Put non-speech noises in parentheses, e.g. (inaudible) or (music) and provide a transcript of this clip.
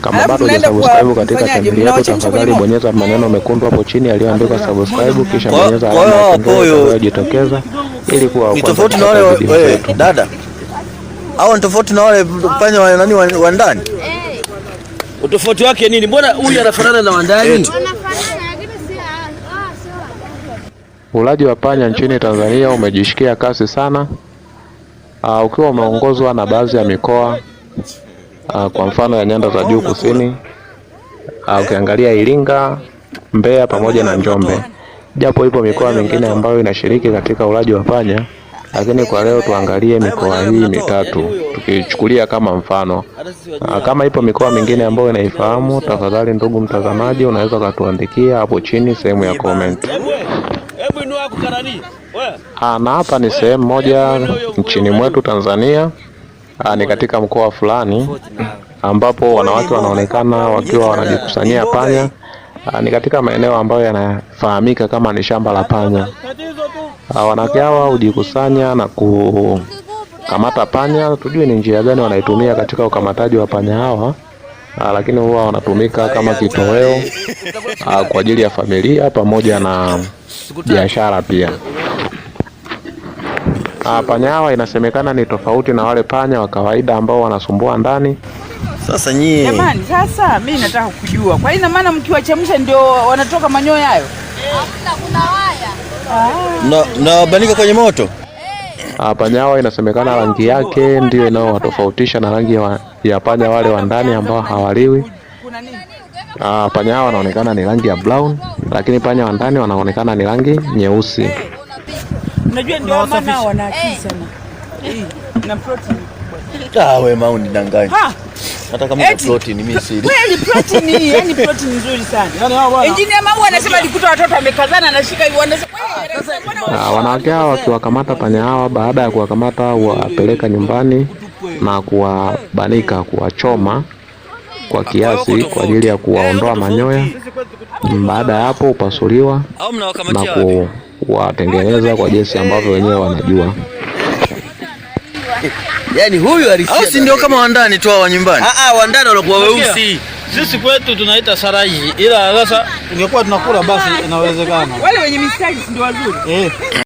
Kama bado hujasubscribe katika chaneli yetu, tafadhali bonyeza maneno mekundu hapo chini yaliyoandikwa subscribe, kisha bonyeza alama itakayojitokeza ili kuwa eh, tofauti na wale dada au tofauti na wale panya wa nani wa ndani. Utofauti wake nini? Mbona huyu anafanana na wandani? Eh, oh, Ulaji wa panya nchini Tanzania umejishikia kasi sana, uh, ukiwa umeongozwa na baadhi ya mikoa Ah, kwa mfano ya nyanda za juu kusini, ah, ukiangalia Iringa, Mbeya pamoja na Njombe, japo ipo mikoa mingine ambayo inashiriki katika ulaji wa panya, lakini kwa leo tuangalie mikoa hii mitatu tukichukulia kama mfano. Ah, kama ipo mikoa mingine ambayo inaifahamu, tafadhali ndugu mtazamaji, unaweza ukatuandikia hapo chini sehemu ya comment. Na hapa ni sehemu moja nchini mwetu Tanzania Ah, ni katika mkoa fulani ambapo wanawake wanaonekana wakiwa wanajikusanyia panya. Ah, ni katika maeneo ambayo yanafahamika kama ni shamba la panya. Ah, wanawake hawa hujikusanya na kukamata panya. Tujue ni njia gani wanaitumia katika ukamataji wa panya hawa. Aa, lakini huwa wanatumika kama kitoweo (laughs) kwa ajili ya familia pamoja na biashara pia. Ah, panya hawa inasemekana ni tofauti na wale panya wa kawaida ambao wanasumbua ndani. Sasa nyie jamani, sasa mimi nataka kujua, kwa ina maana mkiwachemsha ndio wanatoka manyoya hayo? Ah. Na nawabanika kwenye moto. Ah, panya hawa inasemekana rangi yake ndio inayowatofautisha na rangi wa, ya panya wale wa ndani ambao hawaliwi. Panya hawa wanaonekana ni rangi ya brown, lakini panya wa ndani wanaonekana ni rangi nyeusi. Unajua ndio maana wanaakili eh. sana. Eh. Na protein kubwa. Ah, wewe mau nidanganya. Hata kama ni protein mimi si. Kweli protein hii, yani protein nzuri sana. Yaani Engineer Mau anasema alikuta watoto wamekazana anashika hivyo anasema ah, wanawake hawa wakiwakamata panya hawa, baada ya kuwakamata wapeleka nyumbani na kuwabanika, kuwachoma kwa kiasi kwa ajili ya kuwaondoa manyoya. Baada ya hapo, upasuliwa na ku watengeneza kwa jinsi ambavyo wenyewe wanajua. Yaani huyu alisema Au si ndio kama wandani tu wa nyumbani? Ah ah, wandani wanakuwa weusi. Sisi kwetu tunaita saraji, ila sasa ingekuwa tunakula basi inawezekana. Wale wenye misaji ndio wazuri. Eh.